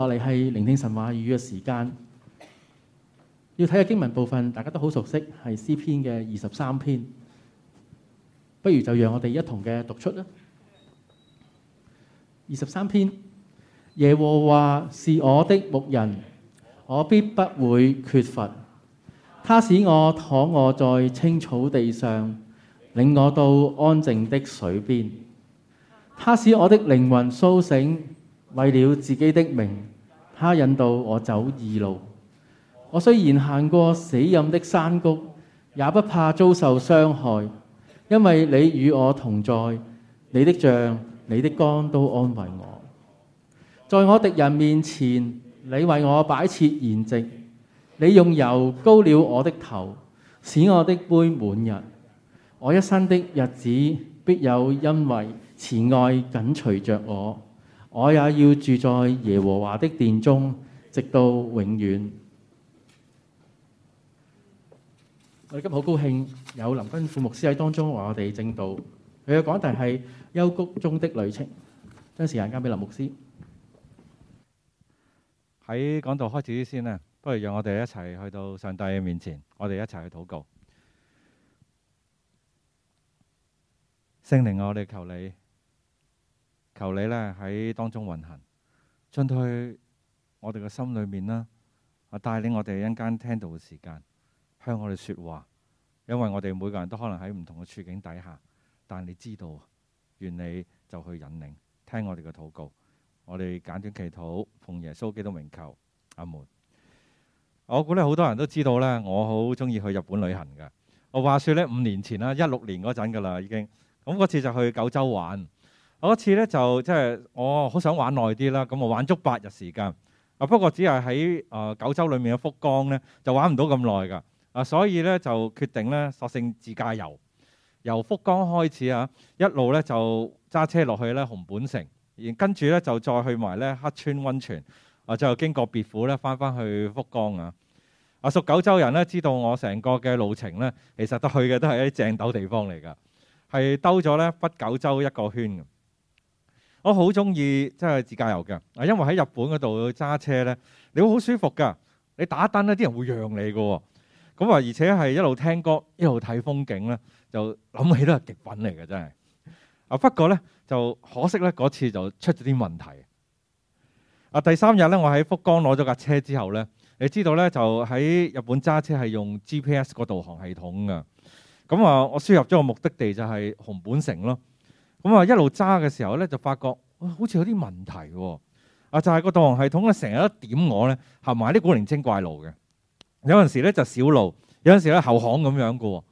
我哋係聆聽神話語嘅時間，要睇嘅經文部分，大家都好熟悉，係詩篇嘅二十三篇。不如就讓我哋一同嘅讀出啦。二十三篇，耶和華是我的牧人，我必不會缺乏。他使我躺臥在青草地上，領我到安靜的水邊。他使我的靈魂甦醒。為了自己的名，他引導我走義路。我雖然行過死陰的山谷，也不怕遭受傷害，因為你與我同在。你的杖、你的竿都安慰我。在我敵人面前，你為我擺設筵席。你用油膏了我的頭，使我的杯滿溢。我一生的日子必有恩惠慈愛緊隨着我。我也要住在耶和華的殿中，直到永遠。我哋今日好高興有林君富牧師喺當中，為我哋證道，佢嘅講題係幽谷中的旅程。將時間交俾林牧師。喺講道開始之前啊，不如讓我哋一齊去到上帝嘅面前，我哋一齊去禱告。聖靈啊，我哋求你。求你呢，喺當中運行，進到我哋嘅心裏面啦，啊帶領我哋一間聽到嘅時間，向我哋說話，因為我哋每個人都可能喺唔同嘅處境底下，但你知道，願你就去引領，聽我哋嘅禱告，我哋簡短祈禱，奉耶穌基督名求，阿門。我估咧好多人都知道呢，我好中意去日本旅行嘅。我話說呢，五年前啦，一六年嗰陣噶啦已經，咁嗰次就去九州玩。次就是、我嗰次咧就即係我好想玩耐啲啦，咁我玩足八日時間啊。不過只係喺誒九州裏面嘅福岡呢，就玩唔到咁耐㗎啊。所以呢，就決定呢索性自駕遊，由福岡開始啊，一路呢就揸車落去咧熊本城，然跟住呢就再去埋咧黑川溫泉啊，最後經過別府咧，翻返去福岡啊。啊，屬九州人呢，知道我成個嘅路程呢，其實都去嘅都係一啲正斗地方嚟㗎，係兜咗呢北九州一個圈。我好中意即係自駕遊嘅，啊，因為喺日本嗰度揸車呢，你會好舒服噶，你打燈呢啲人會讓你嘅，咁啊，而且係一路聽歌一路睇風景呢，就諗起都係極品嚟嘅真係。啊，不過呢，就可惜呢，嗰次就出咗啲問題。啊，第三日呢，我喺福岡攞咗架車之後呢，你知道呢，就喺日本揸車係用 GPS 個導航系統嘅，咁啊我輸入咗個目的地就係熊本城咯。咁啊，一路揸嘅時候咧，就發覺啊，好似有啲問題喎。啊，就係個導航系統咧，成日都點我咧，行埋啲古靈精怪路嘅。有陣時咧就小路，有陣時咧後巷咁樣嘅。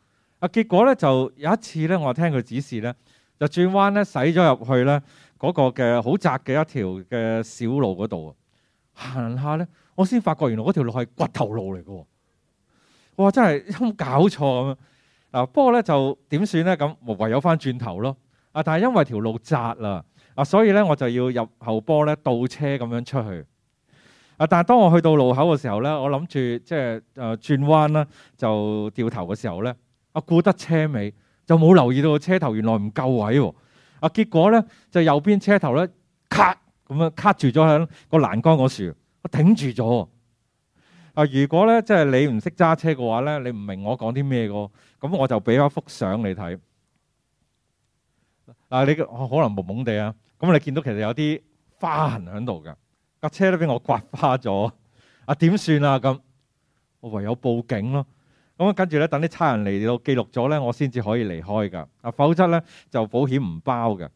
啊，結果咧就有一次咧，我聽佢指示咧，就轉彎咧，駛咗入去咧嗰個嘅好窄嘅一條嘅小路嗰度啊。行下咧，我先發覺原來嗰條路係骨頭路嚟嘅。哇！真係有冇搞錯咁樣啊？嗱，不過咧就點算咧？咁唯有翻轉頭咯。啊！但係因為條路窄啦，啊，所以咧我就要入後波咧倒車咁樣出去。啊！但係當我去到路口嘅時候咧，我諗住即係誒轉彎啦，就掉頭嘅時候咧，啊，顧得車尾，就冇留意到個車頭原來唔夠位喎。啊！結果咧就右邊車頭咧卡，咁樣卡住咗喺個欄杆嗰處，我頂住咗。啊！如果咧即係你唔識揸車嘅話咧，你唔明我講啲咩嘅，咁我就俾一幅相你睇。嗱、啊，你、啊、可能蒙蒙地啊，咁你見到其實有啲花痕喺度嘅，架車都俾我刮花咗。啊，點算啊？咁、啊、我唯有報警咯。咁啊，跟住咧，等啲差人嚟到記錄咗咧，我先至可以離開㗎。啊，否則咧就保險唔包嘅。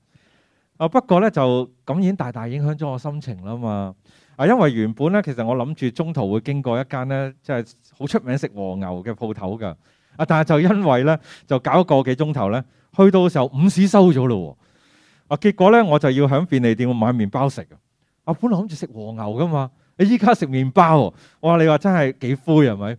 啊，不過咧就咁已經大大影響咗我心情啦嘛。啊，因為原本咧其實我諗住中途會經過一間咧即係好出名食和牛嘅鋪頭㗎。啊，但係就因為咧就搞一個幾鐘頭咧。去到嘅時候，午市收咗咯喎。啊，結果咧我就要響便利店買麵包食嘅，我本嚟諗住食和牛噶嘛，你依家食麵包，我話你話真係幾灰係咪？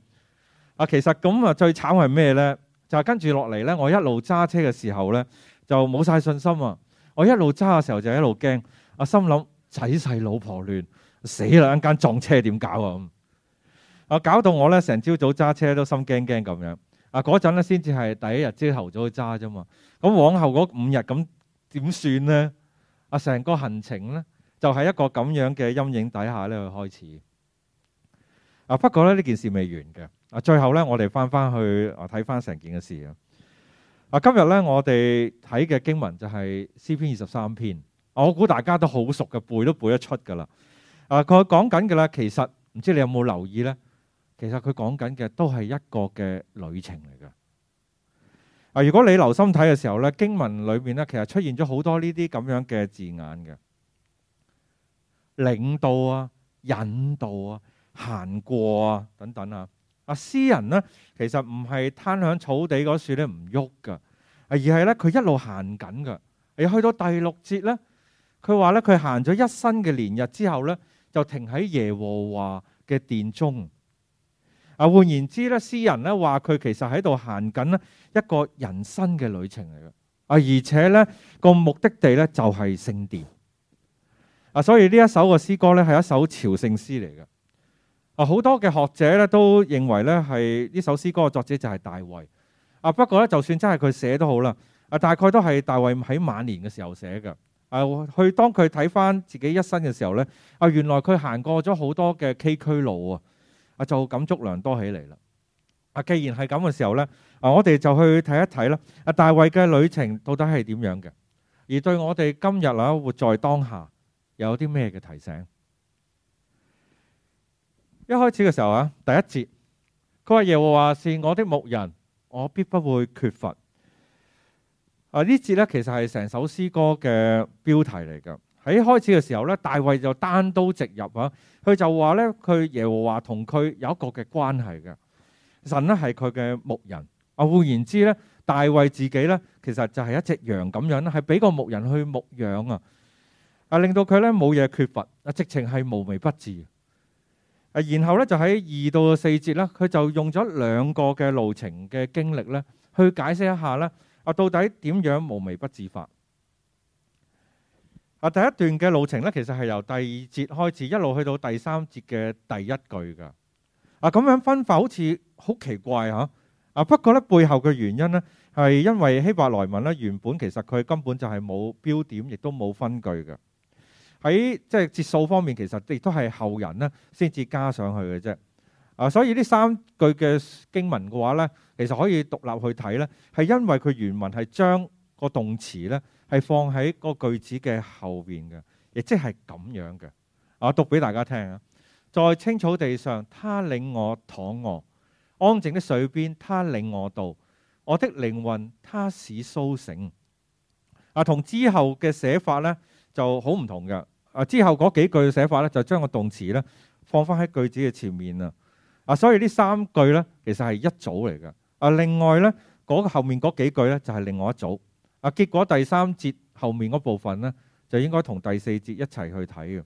啊，其實咁啊最慘係咩咧？就係跟住落嚟咧，我一路揸車嘅時候咧，就冇晒信心啊！我一路揸嘅時候就一路驚，啊，心諗仔細老婆亂死啦，一間撞車點搞啊？啊，搞到我咧成朝早揸車都心驚驚咁樣。啊，嗰陣咧，先至係第一日朝頭早去揸啫嘛。咁往後嗰五日咁點算呢？啊，成個行程咧，就係一個咁樣嘅陰影底下咧去開始。啊，不過咧，呢件事未完嘅。啊，最後咧，我哋翻翻去啊睇翻成件嘅事啊。啊，今日咧，我哋睇嘅經文就係詩篇二十三篇。我估大家都好熟嘅，背都背得出噶啦。啊，佢講緊嘅啦，其實唔知你有冇留意咧？其實佢講緊嘅都係一個嘅旅程嚟噶。啊，如果你留心睇嘅時候咧，經文裏面咧，其實出現咗好多呢啲咁樣嘅字眼嘅，領導啊、引導啊、行過啊等等啊。啊，詩人呢，其實唔係攤喺草地嗰處咧唔喐噶，而係呢，佢一路行緊噶。而去到第六節呢，佢話呢，佢行咗一生嘅年日之後呢，就停喺耶和華嘅殿中。啊，換言之咧，詩人咧話佢其實喺度行緊咧一個人生嘅旅程嚟嘅啊，而且咧個目的地咧就係聖殿啊，所以呢一首嘅詩歌咧係一首朝聖詩嚟嘅啊，好多嘅學者咧都認為咧係呢首詩歌嘅作者就係大衛啊，不過咧就算真係佢寫都好啦啊，大概都係大衛喺晚年嘅時候寫嘅啊，去當佢睇返自己一生嘅時候咧啊，原來佢行過咗好多嘅崎嶇路啊。就感觸良多起嚟啦！啊，既然係咁嘅時候呢，啊，我哋就去睇一睇啦。啊，大衛嘅旅程到底係點樣嘅？而對我哋今日啊，活在當下，有啲咩嘅提醒？一開始嘅時候啊，第一節，佢話：耶和華是我的牧人，我必不會缺乏。啊，呢節呢，其實係成首詩歌嘅標題嚟㗎。喺開始嘅時候咧，大衛就單刀直入啊，佢就話咧，佢耶和華同佢有一個嘅關係嘅，神咧係佢嘅牧人。啊，換言之咧，大衛自己咧，其實就係一隻羊咁樣咧，係俾個牧人去牧養啊，啊令到佢咧冇嘢缺乏啊，直情係無微不至啊。然後咧就喺二到四節咧，佢就用咗兩個嘅路程嘅經歷咧，去解釋一下咧啊，到底點樣無微不至法。啊，第一段嘅路程咧，其實係由第二節開始，一路去到第三節嘅第一句噶。啊，咁樣分法好似好奇怪嚇。啊，不過咧，背後嘅原因呢，係因為希伯來文咧，原本其實佢根本就係冇標點，亦都冇分句嘅。喺即係節數方面，其實亦都係後人呢先至加上去嘅啫。啊，所以呢三句嘅經文嘅話呢，其實可以獨立去睇呢，係因為佢原文係將個動詞呢。係放喺個句子嘅後邊嘅，亦即係咁樣嘅。啊，我讀俾大家聽啊！在青草地上，他領我躺臥；安靜的水邊，他領我渡。我的靈魂，他使甦醒。啊，同之後嘅寫法呢就好唔同嘅。啊，之後嗰幾句寫法呢，就將個動詞呢放翻喺句子嘅前面啊。啊，所以呢三句呢，其實係一組嚟嘅。啊，另外呢，嗰、嗰個後面嗰幾句呢，就係、是、另外一組。啊！結果第三節後面嗰部分呢，就應該同第四節一齊去睇嘅。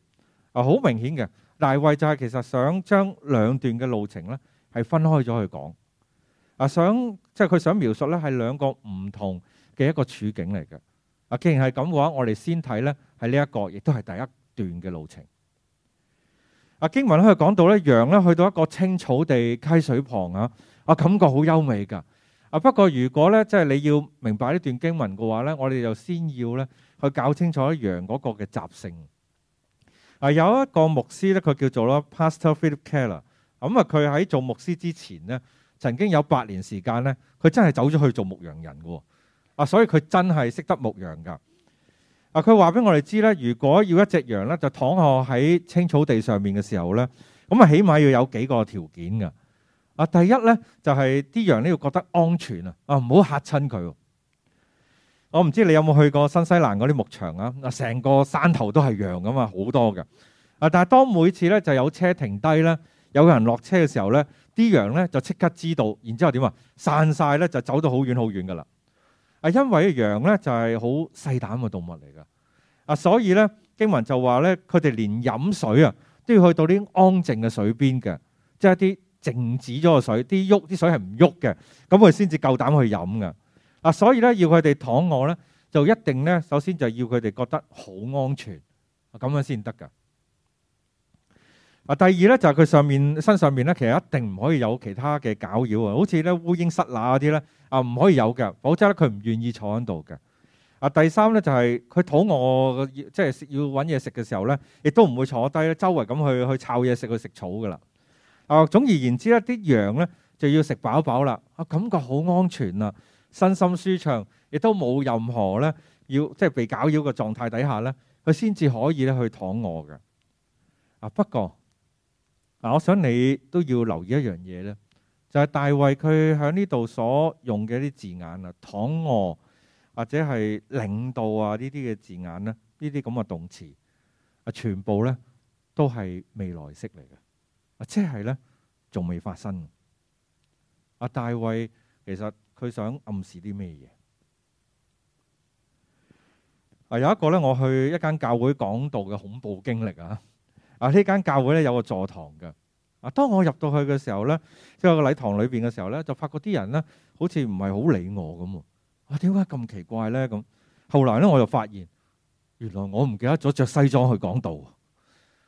啊，好明顯嘅，大衛就係其實想將兩段嘅路程呢，係分開咗去講。啊，想即係佢想描述呢係兩個唔同嘅一個處境嚟嘅。啊，既然係咁嘅話，我哋先睇呢係呢一個，亦都係第一段嘅路程。啊，經文呢講到呢，羊呢去到一個青草地溪水旁啊，啊，感覺好優美㗎。啊！不過如果咧，即係你要明白呢段經文嘅話咧，我哋就先要咧去搞清楚羊嗰個嘅習性。啊，有一個牧師咧，佢叫做咯 Pastor Philip Keller。咁啊，佢喺做牧師之前咧，曾經有八年時間咧，佢真係走咗去做牧羊人嘅喎。啊，所以佢真係識得牧羊噶。啊，佢話俾我哋知咧，如果要一隻羊咧，就躺下喺青草地上面嘅時候咧，咁啊，起碼要有幾個條件嘅。啊！第一咧就係啲羊呢，要覺得安全啊！啊，唔好嚇親佢。我唔知你有冇去過新西蘭嗰啲牧場啊？啊，成個山頭都係羊噶嘛，好多嘅。啊，但係當每次咧就有車停低咧，有人落車嘅時候咧，啲羊咧就即刻知道，然之後點啊？散晒咧就走到好遠好遠噶啦。啊，因為羊咧就係好細膽嘅動物嚟噶。啊，所以咧經文就話咧，佢哋連飲水啊都要去到啲安靜嘅水邊嘅，即係一啲。靜止咗個水，啲喐啲水係唔喐嘅，咁佢先至夠膽去飲噶。啊，所以咧要佢哋躺臥咧，就一定咧首先就要佢哋覺得好安全，咁樣先得噶。啊，第二咧就係佢上面身上面咧，其實一定唔可以有其他嘅攪擾啊，好似咧烏蠅塞乸嗰啲咧啊，唔可以有嘅，否則咧佢唔願意坐喺度嘅。啊，第三咧就係佢肚餓即係要揾嘢食嘅時候咧，亦都唔會坐低咧，周圍咁去去摷嘢食去食草噶啦。啊，總而言之咧，啲羊呢就要食飽飽啦。啊，感覺好安全啦，身心舒暢，亦都冇任何呢，要即係被攪擾嘅狀態底下呢，佢先至可以咧去躺臥嘅。不過我想你都要留意一樣嘢呢，就係、是、大衛佢喺呢度所用嘅啲字眼啊，躺臥或者係領導啊呢啲嘅字眼呢，呢啲咁嘅動詞啊，全部呢都係未來式嚟嘅。呢還沒啊，即係咧，仲未發生。阿大衛其實佢想暗示啲咩嘢？啊，有一個咧，我去一間教會講道嘅恐怖經歷啊！啊，呢間教會咧有個座堂嘅。啊，當我入到去嘅時候咧，即係個禮堂裏邊嘅時候咧，就發覺啲人咧好似唔係好理我咁喎。啊，我點解咁奇怪咧？咁後來咧，我又發現原來我唔記得咗着西裝去講道。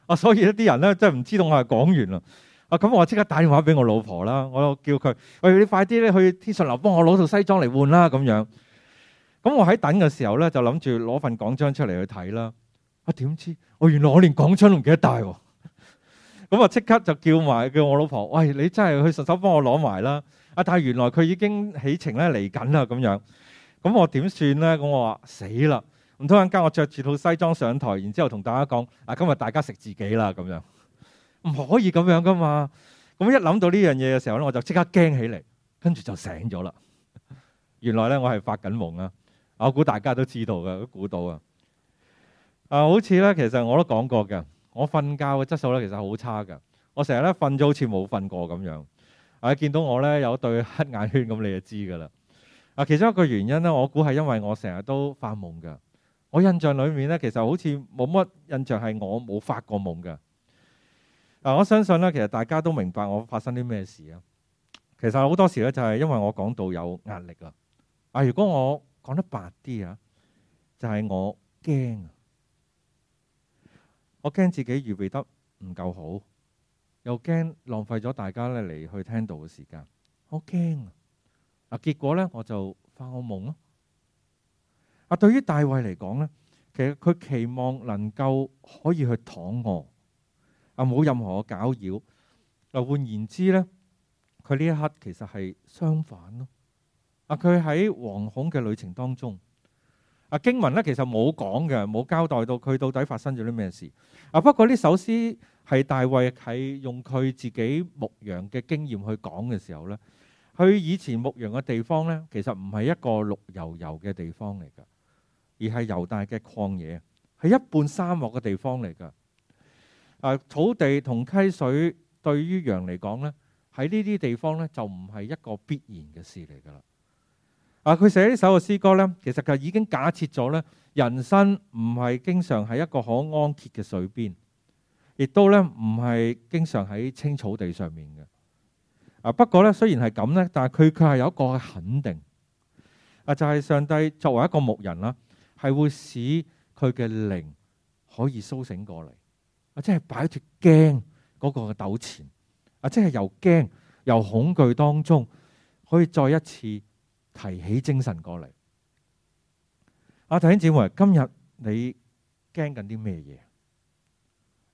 啊，所以一啲人咧，真係唔知道我係講完啦。啊，咁我即刻打電話俾我老婆啦，我叫佢：喂，你快啲咧去天順樓幫我攞套西裝嚟換啦。咁樣，咁我喺等嘅時候咧，就諗住攞份港章出嚟去睇啦。啊，點知我原來我連港章都唔記得帶喎。咁啊，即 刻就叫埋叫我老婆：喂，你真係去順手幫我攞埋啦。啊，但係原來佢已經起程咧嚟緊啦。咁樣，咁我點算咧？咁我話死啦。唔通間我着住套西裝上台，然之後同大家講：啊，今日大家食自己啦，咁樣，唔可以咁樣噶嘛！咁一諗到呢樣嘢嘅時候咧，我就即刻驚起嚟，跟住就醒咗啦。原來咧，我係發緊夢啊！我估大家都知道嘅，都估到啊。啊，好似咧，其實我都講過嘅，我瞓覺嘅質素咧其實好差嘅。我成日咧瞓咗好似冇瞓過咁樣。啊，見到我咧有對黑眼圈咁，你就知噶啦。啊，其中一個原因咧，我估係因為我成日都發夢嘅。我印象裏面呢，其實好似冇乜印象係我冇發過夢嘅。嗱，我相信呢，其實大家都明白我發生啲咩事啊。其實好多時呢，就係因為我講道有壓力啊。啊，如果我講得白啲啊，就係、是、我驚啊，我驚自己預備得唔夠好，又驚浪費咗大家呢嚟去聽道嘅時間，我驚啊。結果呢，我就發個夢咯。啊，對於大衛嚟講呢，其實佢期望能夠可以去躺卧，啊，冇任何嘅攪擾。啊，換言之呢，佢呢一刻其實係相反咯。啊，佢喺惶恐嘅旅程當中，啊，經文呢其實冇講嘅，冇交代到佢到底發生咗啲咩事。啊，不過呢首詩係大衛係用佢自己牧羊嘅經驗去講嘅時候呢，佢以前牧羊嘅地方呢，其實唔係一個綠油油嘅地方嚟㗎。而係猶大嘅曠野，係一半沙漠嘅地方嚟噶。啊，土地同溪水對於羊嚟講呢，喺呢啲地方呢，就唔係一個必然嘅事嚟噶啦。啊，佢寫呢首嘅詩歌呢，其實就已經假設咗呢，人生唔係經常喺一個可安歇嘅水邊，亦都呢唔係經常喺青草地上面嘅。啊，不過呢，雖然係咁呢，但係佢佢係有一個肯定啊，就係、是、上帝作為一個牧人啦。係會使佢嘅靈可以蘇醒過嚟，或者係擺脫驚嗰個嘅糾纏，或者係由驚由恐懼當中可以再一次提起精神過嚟。阿弟兄姐妹，今日你驚緊啲咩嘢？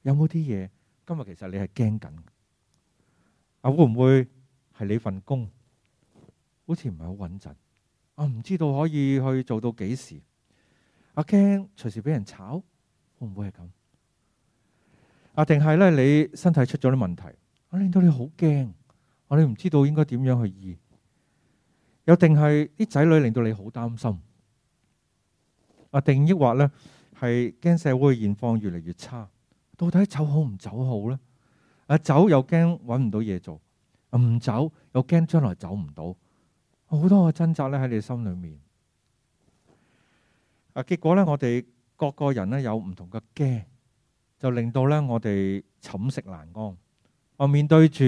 有冇啲嘢今日其實你係驚緊？啊，會唔會係你份工好似唔係好穩陣？啊，唔知道可以去做到幾時？阿驚隨時俾人炒，會唔會係咁？啊，定係咧你身體出咗啲問題，我令到你好驚，我哋唔知道應該點樣去醫。又定係啲仔女令到你好擔心。啊，定抑或咧係驚社會現況越嚟越差，到底走好唔走好咧？啊，走又驚搵唔到嘢做，啊，唔走又驚將來走唔到，好多個掙扎咧喺你心裏面。啊！結果咧，我哋各個人咧有唔同嘅驚，就令到咧我哋寢食難安。我面對住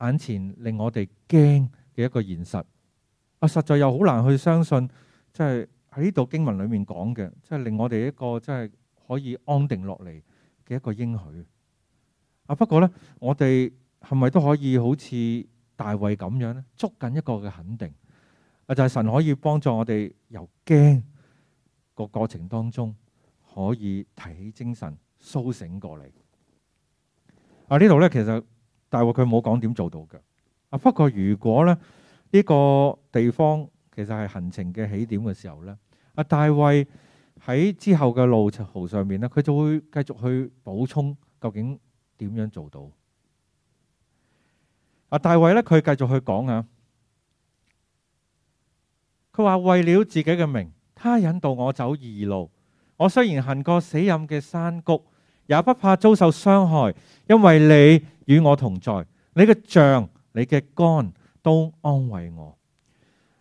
眼前令我哋驚嘅一個現實，我、啊，實在又好難去相信，即係喺呢度經文裡面講嘅，即係令我哋一個即係可以安定落嚟嘅一個應許。啊！不過呢，我哋係咪都可以好似大衛咁樣咧，捉緊一個嘅肯定？啊，就係神可以幫助我哋由驚。個過程當中可以提起精神蘇醒過嚟。啊，呢度咧，其實大衛佢冇講點做到嘅。啊，不過如果咧，呢個地方其實係行程嘅起點嘅時候咧，阿大衛喺之後嘅路途上面咧，佢就會繼續去補充究竟點樣做到。阿大衛咧，佢繼續去講啊。佢話為了自己嘅名。他引導我走義路，我雖然行過死蔭嘅山谷，也不怕遭受傷害，因為你與我同在。你嘅杖、你嘅竿都安慰我。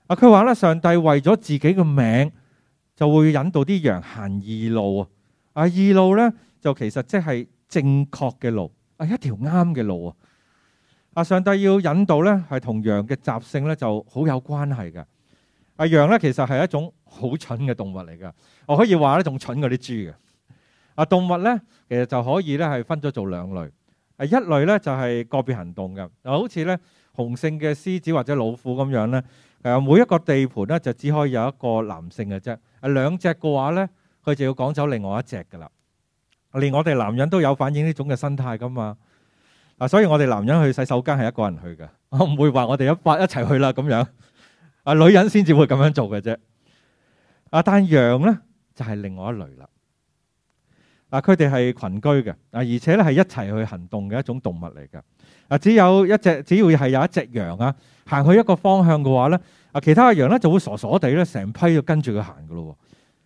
啊，佢話咧，上帝為咗自己嘅名，就會引導啲羊行義路啊。啊，義路呢，就其實即係正確嘅路，一條啱嘅路啊。啊，上帝要引導呢，係同羊嘅習性呢就好有關係嘅。啊，羊呢，其實係一種。好蠢嘅動物嚟噶，我可以話呢仲蠢嗰啲豬嘅啊。動物呢，其實就可以呢係分咗做兩類，誒，一類呢就係個別行動嘅啊，就好似呢雄性嘅獅子或者老虎咁樣呢，誒，每一個地盤呢就只可以有一個男性嘅啫。啊，兩隻嘅話呢，佢就要趕走另外一隻噶啦。連我哋男人都有反映呢種嘅生態噶嘛，啊，所以我哋男人去洗手間係一個人去噶，我唔會話我哋一八一齊去啦咁樣啊，女人先至會咁樣做嘅啫。啊！但羊呢，就係另外一類啦。嗱，佢哋係群居嘅，啊，而且咧係一齊去行動嘅一種動物嚟噶。啊，只有一隻，只要係有一隻羊啊，行去一個方向嘅話呢，啊，其他嘅羊呢就會傻傻地咧，成批要跟住佢行噶咯。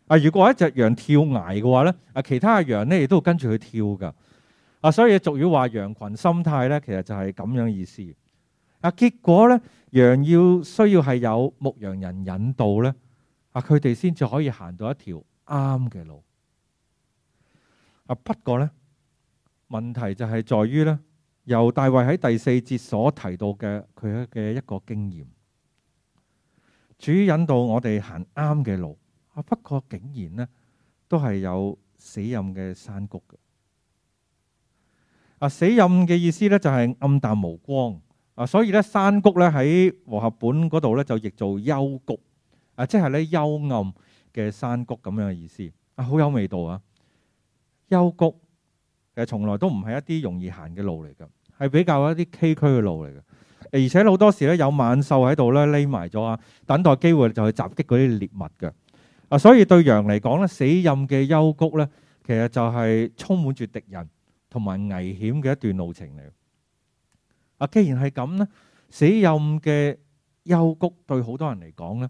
啊，如果一隻羊跳崖嘅話呢，啊，其他嘅羊呢亦都跟住佢跳噶。啊，所以俗語話羊群心態呢，其實就係咁樣意思。啊，結果呢，羊要需要係有牧羊人引導呢。啊！佢哋先至可以行到一條啱嘅路。啊，不過呢，問題就係在於呢，由大衛喺第四節所提到嘅佢嘅一個經驗，主引導我哋行啱嘅路。啊，不過竟然呢，都係有死蔭嘅山谷嘅。啊，死蔭嘅意思呢，就係暗淡無光。啊，所以呢，山谷呢喺和合本嗰度呢，就譯做幽谷。啊，即係咧，幽暗嘅山谷咁樣嘅意思啊，好有味道啊！幽谷，呃從來都唔係一啲容易行嘅路嚟㗎，係比較一啲崎嶇嘅路嚟㗎。而且好多時咧，有猛獸喺度咧匿埋咗啊，等待機會就去襲擊嗰啲獵物㗎。啊，所以對羊嚟講咧，死蔭嘅幽谷咧，其實就係充滿住敵人同埋危險嘅一段路程嚟。啊，既然係咁咧，死蔭嘅幽谷對好多人嚟講咧。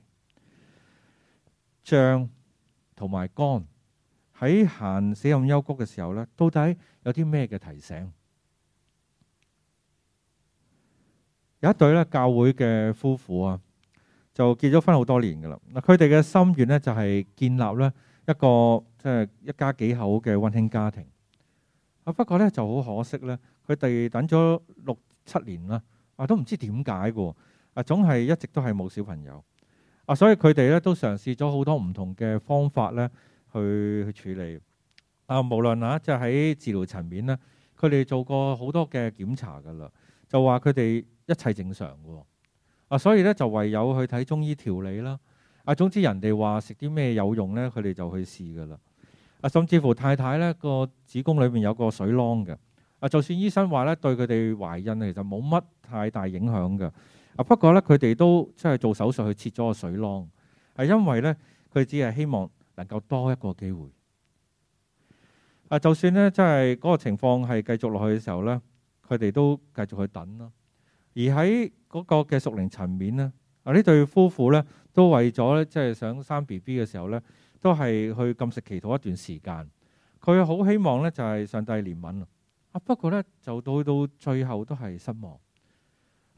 杖同埋竿喺行死蔭幽谷嘅時候呢，到底有啲咩嘅提醒？有一對咧教會嘅夫婦啊，就結咗婚好多年噶啦。嗱，佢哋嘅心願呢就係建立呢一個即係一家幾口嘅溫馨家庭。啊，不過呢就好可惜呢，佢哋等咗六七年啦，啊都唔知點解嘅，啊總係一直都係冇小朋友。啊，所以佢哋咧都嘗試咗好多唔同嘅方法咧，去去處理。啊，無論啊，即係喺治療層面咧，佢哋做過好多嘅檢查㗎啦，就話佢哋一切正常喎。啊，所以咧就唯有去睇中醫調理啦。啊，總之人哋話食啲咩有用咧，佢哋就去試㗎啦。啊，甚至乎太太咧個子宮裏面有個水囊嘅。啊，就算醫生話咧對佢哋懷孕其實冇乜太大影響㗎。啊！不過咧，佢哋都即係做手術去切咗個水囊，係因為咧佢只係希望能夠多一個機會。啊！就算咧即係嗰個情況係繼續落去嘅時候咧，佢哋都繼續去等咯。而喺嗰個嘅屬靈層面呢，啊，呢對夫婦咧都為咗即係想生 B B 嘅時候咧，都係去禁食祈禱一段時間。佢好希望咧就係上帝憐憫啊！不過咧就到到最後都係失望。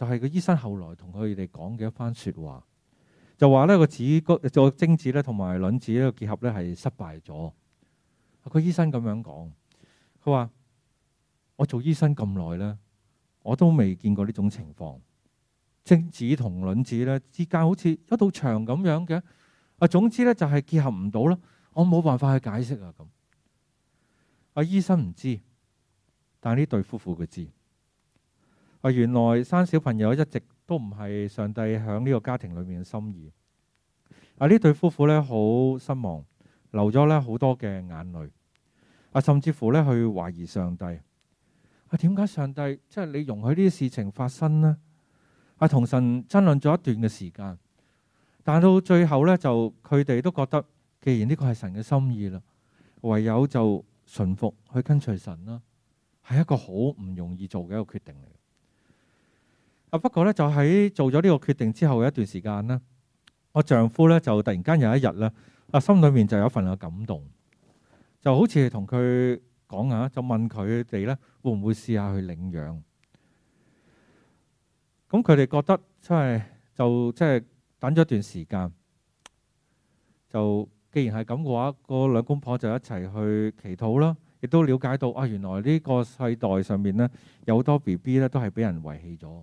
就係個醫生後來同佢哋講嘅一番説話，就話呢個子哥個精子咧同埋卵子咧結合咧係失敗咗。個醫生咁樣講，佢話：我做醫生咁耐咧，我都未見過呢種情況，精子同卵子咧之間好似一道牆咁樣嘅。啊，總之咧就係結合唔到啦，我冇辦法去解釋啊咁。啊，醫生唔知，但係呢對夫婦佢知。啊，原來生小朋友一直都唔係上帝響呢個家庭裏面嘅心意。啊，呢對夫婦咧好失望，流咗咧好多嘅眼淚。啊，甚至乎咧去懷疑上帝。啊，點解上帝即係你容許呢啲事情發生呢？啊，同神爭論咗一段嘅時間，但到最後咧就佢哋都覺得，既然呢個係神嘅心意啦，唯有就順服去跟隨神啦，係一個好唔容易做嘅一個決定嚟。啊！不過咧，就喺做咗呢個決定之後嘅一段時間啦，我丈夫咧就突然間有一日咧，啊，心裡面就有份嘅感動，就好似同佢講嚇，就問佢哋咧會唔會試下去領養。咁佢哋覺得即係就即係等咗一段時間，就既然係咁嘅話，個兩公婆就一齊去祈禱啦，亦都了解到啊，原來呢個世代上面咧有好多 B B 咧都係俾人遺棄咗。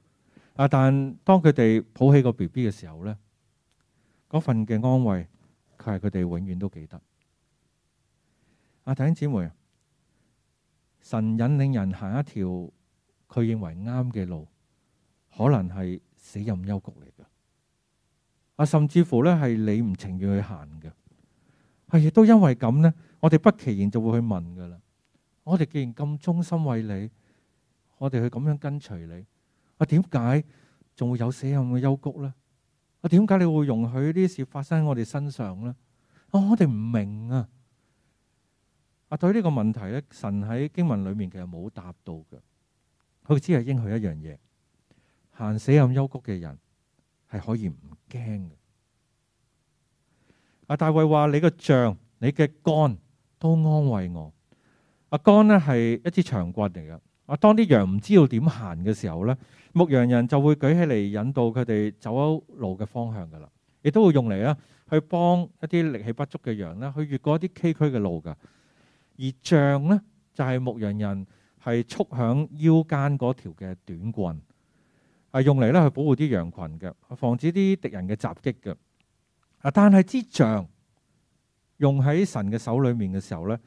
啊！但當佢哋抱起個 B B 嘅時候咧，嗰份嘅安慰，佢係佢哋永遠都記得。阿弟兄姊妹啊，神引領人行一條佢認為啱嘅路，可能係死蔭幽谷嚟噶。啊，甚至乎咧係你唔情願去行嘅，係亦都因為咁呢，我哋不其然就會去問噶啦。我哋既然咁忠心為你，我哋去咁樣跟隨你。我點解仲會有死蔭嘅幽谷咧？我點解你會容許呢啲事發生喺我哋身上咧？我我哋唔明啊！啊，對於呢個問題咧，神喺經文裏面其實冇答到嘅，佢只係應許一樣嘢：行死蔭幽谷嘅人係可以唔驚嘅。阿大衛話：你嘅杖、你嘅竿都安慰我。阿竿咧係一支長棍嚟嘅。啊！當啲羊唔知道點行嘅時候咧，牧羊人就會舉起嚟引導佢哋走路嘅方向噶啦，亦都會用嚟咧去幫一啲力氣不足嘅羊啦，去越過一啲崎嶇嘅路噶。而杖呢，就係、是、牧羊人係束響腰間嗰條嘅短棍，係用嚟咧去保護啲羊群嘅，防止啲敵人嘅襲擊嘅。但係支杖用喺神嘅手裏面嘅時候呢，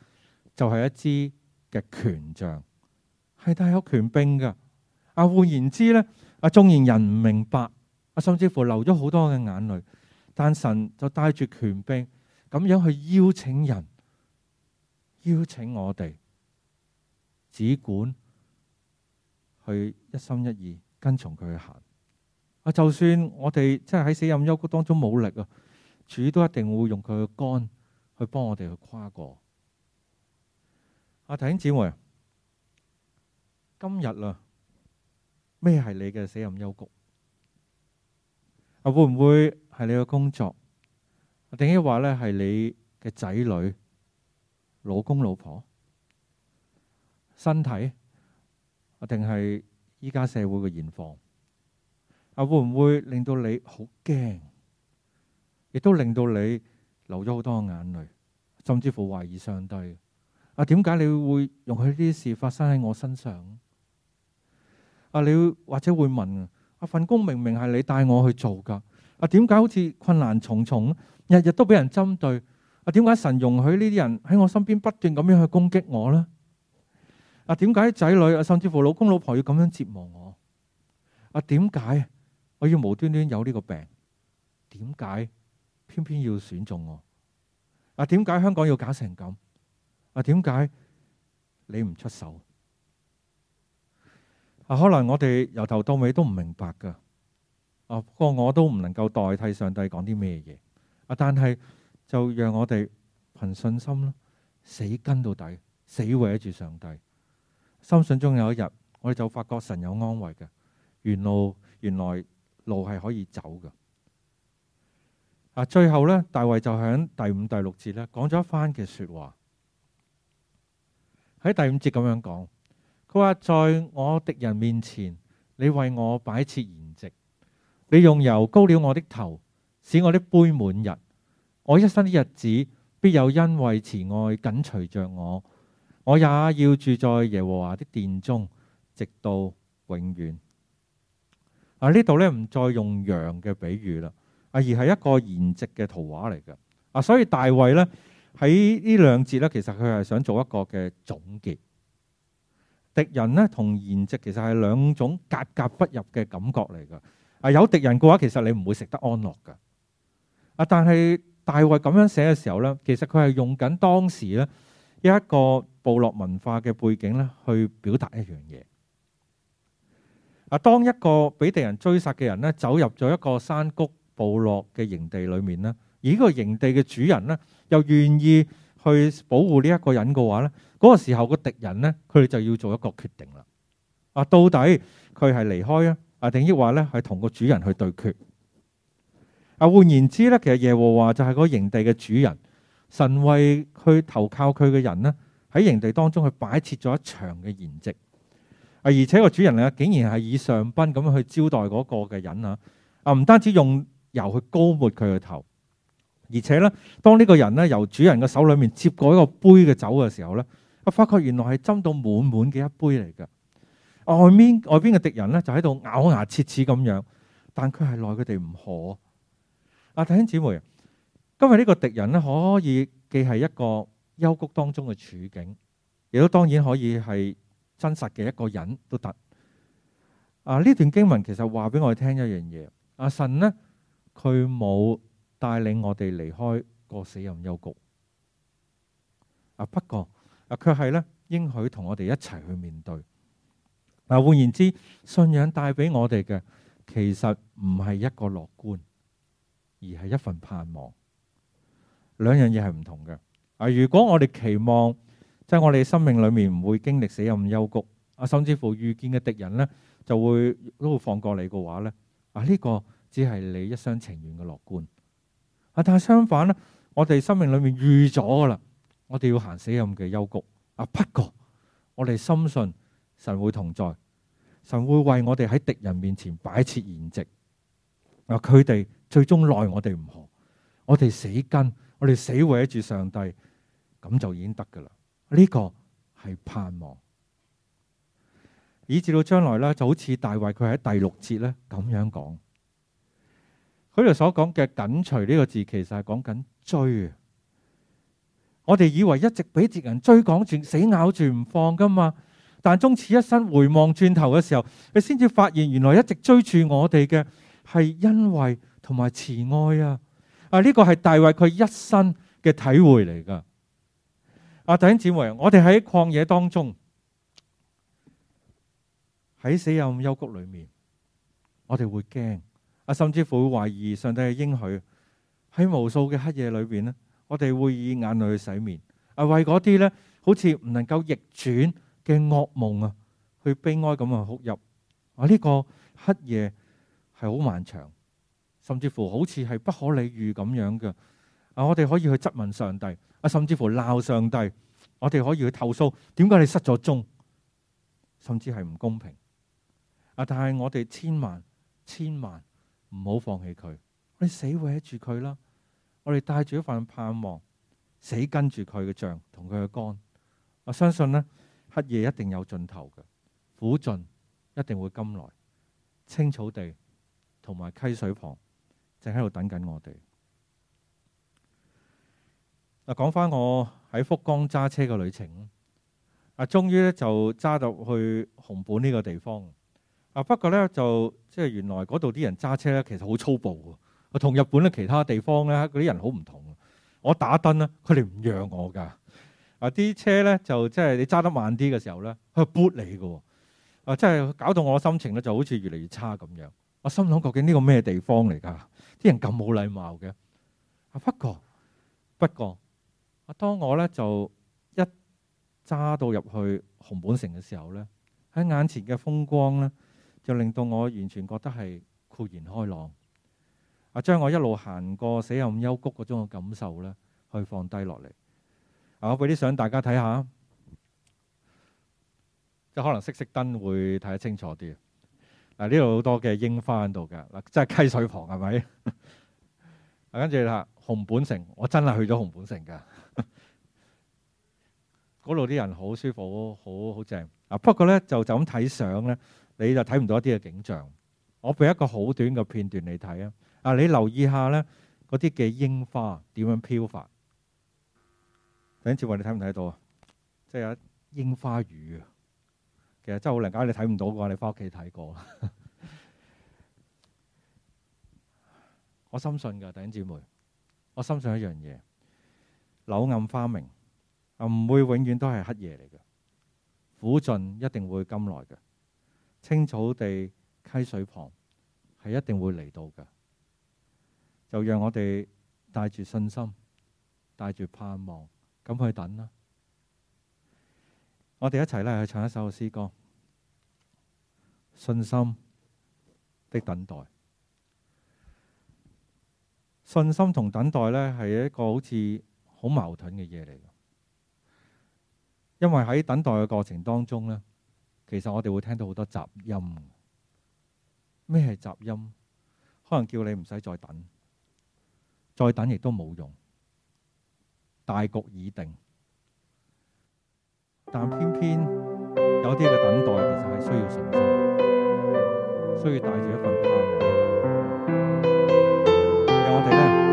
就係、是、一支嘅權杖。係帶有權柄噶。啊換言之咧，啊縱然人唔明白，啊甚至乎流咗好多嘅眼淚，但神就帶住權柄咁樣去邀請人，邀請我哋，只管去一心一意跟從佢去行。啊就算我哋真係喺死蔭幽谷當中冇力啊，主都一定會用佢嘅肝去幫我哋去跨過。啊弟兄姊妹。今日啊，咩係你嘅死蔭幽谷？啊，會唔會係你嘅工作？定一話咧係你嘅仔女、老公、老婆、身體？啊，定係依家社會嘅現況？啊，會唔會令到你好驚？亦都令到你流咗好多眼淚，甚至乎懷疑上帝。啊，點解你會容許呢啲事發生喺我身上？啊！你或者會問啊，份工明明係你帶我去做㗎。啊，點解好似困難重重？日日都俾人針對。啊，點解神容許呢啲人喺我身邊不斷咁樣去攻擊我呢？啊，點解仔女啊，甚至乎老公老婆，要咁樣折磨我？啊，點解我要無端端有呢個病？點解偏偏要選中我？啊，點解香港要搞成咁？啊，點解你唔出手？啊，可能我哋由頭到尾都唔明白噶，啊，不過我都唔能夠代替上帝講啲咩嘢，啊，但係就讓我哋憑信心咯，死跟到底，死圍住上帝，深信中有一日，我哋就發覺神有安慰嘅，原路原來路係可以走噶，啊，最後呢，大衛就響第五、第六節咧講咗一番嘅說話，喺第五節咁樣講。佢話在我敵人面前，你為我擺設筵席，你用油膏了我的頭，使我的杯滿溢。我一生的日子必有恩惠慈愛緊隨着我，我也要住在耶和華的殿中，直到永遠。啊，呢度呢，唔再用羊嘅比喻啦，啊而係一個筵席嘅圖畫嚟嘅。啊，所以大衛呢，喺呢兩節呢，其實佢係想做一個嘅總結。敵人咧，同筵席，其實係兩種格格不入嘅感覺嚟噶。啊，有敵人嘅話，其實你唔會食得安樂噶。啊，但係大衛咁樣寫嘅時候咧，其實佢係用緊當時咧一個部落文化嘅背景咧去表達一樣嘢。啊，當一個俾敵人追殺嘅人咧走入咗一個山谷部落嘅營地裏面咧，而呢個營地嘅主人咧又願意去保護呢一個人嘅話咧，嗰個時候個敵人呢，佢哋就要做一個決定啦。啊，到底佢係離開啊，啊定抑或呢？係同個主人去對決？啊，換言之呢，其實耶和華就係個營地嘅主人，神為佢投靠佢嘅人呢，喺營地當中去擺設咗一場嘅筵席。啊，而且個主人呢，竟然係以上賓咁樣去招待嗰個嘅人啊。啊，唔單止用油去高抹佢嘅頭，而且呢，當呢個人呢，由主人嘅手裏面接過一個杯嘅酒嘅時候呢。我發覺原來係斟到滿滿嘅一杯嚟噶外面外邊嘅敵人呢，就喺度咬牙切齒咁樣，但佢係奈佢哋唔可。啊弟兄姊妹，今日呢個敵人呢，可以既係一個幽谷當中嘅處境，亦都當然可以係真實嘅一個人都得。啊呢段經文其實話俾我哋聽一樣嘢，阿、啊、神呢，佢冇帶領我哋離開個死人幽谷。啊不過。啊，卻係咧，應許同我哋一齊去面對。嗱、啊，換言之，信仰帶俾我哋嘅，其實唔係一個樂觀，而係一份盼望。兩樣嘢係唔同嘅。啊，如果我哋期望即係、就是、我哋生命裏面唔會經歷死蔭幽谷，啊，甚至乎遇見嘅敵人呢，就會都會放過你嘅話呢。啊，呢、這個只係你一廂情願嘅樂觀。啊，但係相反咧，我哋生命裏面預咗㗎喇。我哋要行死蔭嘅幽谷啊！不過我哋深信神會同在，神會為我哋喺敵人面前擺設筵席。啊！佢哋最終奈我哋唔何，我哋死跟，我哋死為住上帝，咁就已經得噶啦。呢個係盼望。以至到將來咧，就好似大衛佢喺第六節咧咁樣講，佢哋所講嘅緊隨呢個字，其實係講緊追。我哋以為一直俾敵人追趕住，死咬住唔放噶嘛？但終此一生回望轉頭嘅時候，你先至發現原來一直追住我哋嘅係恩惠同埋慈愛啊！啊，呢個係大衛佢一生嘅體會嚟噶。啊，弟兄姊妹，我哋喺曠野當中，喺死蔭幽谷裏面，我哋會驚啊，甚至乎會懷疑上帝嘅應許。喺無數嘅黑夜裏邊我哋會以眼淚去洗面，啊，為嗰啲呢好似唔能夠逆轉嘅噩夢啊，去悲哀咁去哭泣。啊，呢個黑夜係好漫長，甚至乎好似係不可理喻咁樣嘅。啊，我哋可以去質問上帝，啊甚至乎鬧上帝，我哋可以去投訴，點解你失咗蹤？甚至係唔公平。啊，但係我哋千萬千萬唔好放棄佢，你死會喺住佢啦。我哋帶住一份盼望，死跟住佢嘅杖同佢嘅竿。我相信呢黑夜一定有盡頭嘅，苦盡一定會甘來。青草地同埋溪水旁正，正喺度等緊我哋。講翻我喺福岡揸車嘅旅程啊，終於咧就揸到去紅本呢個地方。啊，不過呢，就即係原來嗰度啲人揸車咧，其實好粗暴㗎。同日本咧其他地方咧，嗰啲人好唔同。我打燈咧，佢哋唔讓我㗎。啊啲車咧就即係你揸得慢啲嘅時候咧，佢撥你㗎。啊，即係搞到我心情咧就好似越嚟越差咁樣。我心諗究竟呢個咩地方嚟㗎？啲人咁冇禮貌嘅。啊不過不過，啊當我咧就一揸到入去熊本城嘅時候咧，喺眼前嘅風光咧，就令到我完全覺得係豁然開朗！啊！將我一路行過死蔭幽谷嗰種嘅感受咧，去放低落嚟啊！我俾啲相大家睇下，即係可能熄熄燈會睇得清楚啲啊！呢度好多嘅櫻花喺度㗎嗱，即係溪水旁係咪啊？跟住啦，熊本城，我真係去咗熊本城㗎，嗰度，啲、啊、人好舒服，好好正啊。不過咧，就就咁睇相咧，你就睇唔到一啲嘅景象。我俾一個好短嘅片段你睇啊！啊！你留意一下咧，嗰啲嘅櫻花點樣漂發？弟兄姐妹，你睇唔睇到啊？即係有櫻花雨啊！其實真係好難搞，你睇唔到嘅話，你翻屋企睇過 我深信嘅，弟兄姐妹，我深信一樣嘢，柳暗花明啊，唔會永遠都係黑夜嚟嘅。苦盡一定會甘來嘅，青草地溪水旁係一定會嚟到嘅。又讓我哋帶住信心，帶住盼望，咁去等啦。我哋一齊咧去唱一首詩歌，《信心的等待》。信心同等待呢，係一個好似好矛盾嘅嘢嚟。因為喺等待嘅過程當中呢，其實我哋會聽到好多雜音。咩係雜音？可能叫你唔使再等。再等亦都冇用，大局已定，但偏偏有啲嘅等待其實係需要信心，需要帶住一份盼望。其實我哋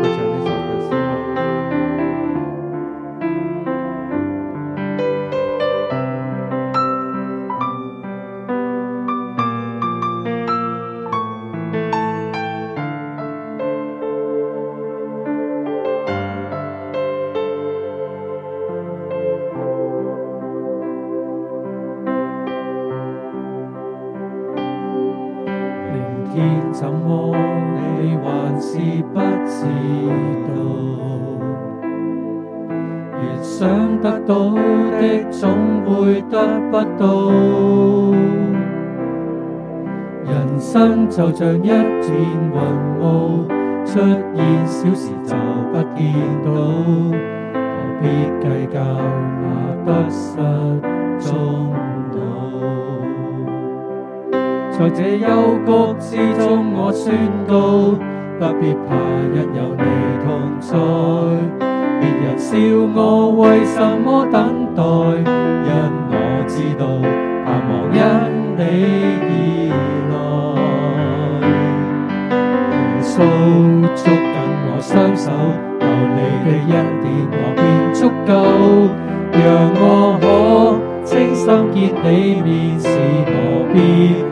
怎麼你還是不知道？越想得到的總會得不到。人生就像一片雲霧，出現小時就不見到，何必計較那得失終老？在這幽谷之中，我宣告，不必怕，因有你同在。別人笑我為什麼等待，因我知道盼望因你而來。耶穌，捉緊我雙手，有你的恩典我便足夠，讓我可清心見你面時，何必？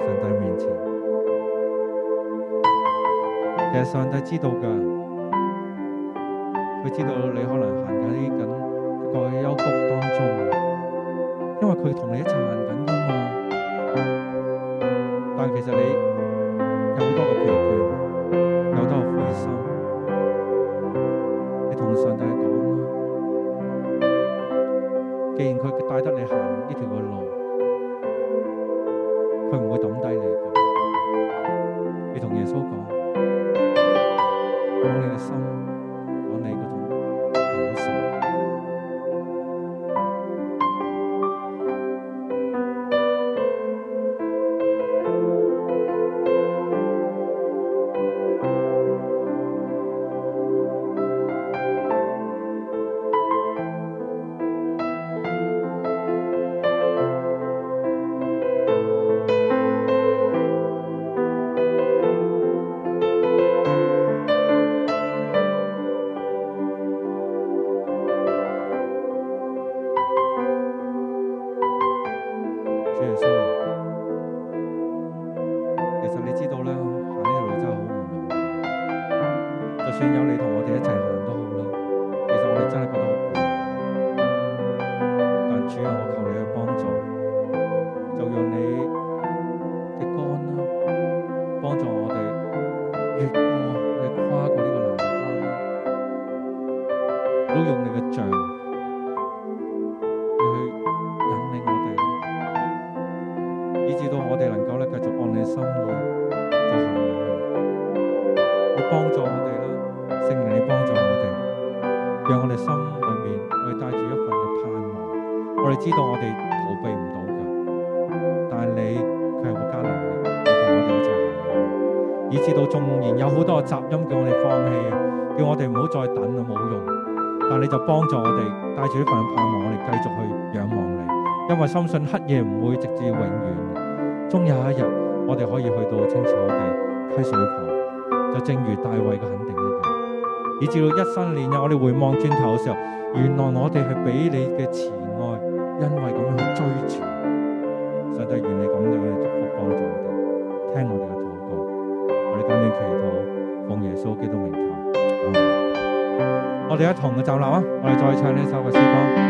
上帝面前，其實上帝知道噶，佢知道你可能行緊呢咁一個幽谷當中，因為佢同你一齊行。因為相信黑夜唔會直至永遠，終有一日我哋可以去到青草地溪水旁，就正如大衛嘅肯定一樣。以至到一生年日，我哋回望轉頭嘅時候，原來我哋係俾你嘅慈愛，因為咁樣去追求。上帝願你咁樣祝福幫助我哋，聽我哋嘅禱告，我哋跟住祈禱，奉耶穌基督名求，嗯。我哋一同嘅站立啊，我哋再唱呢首嘅詩歌。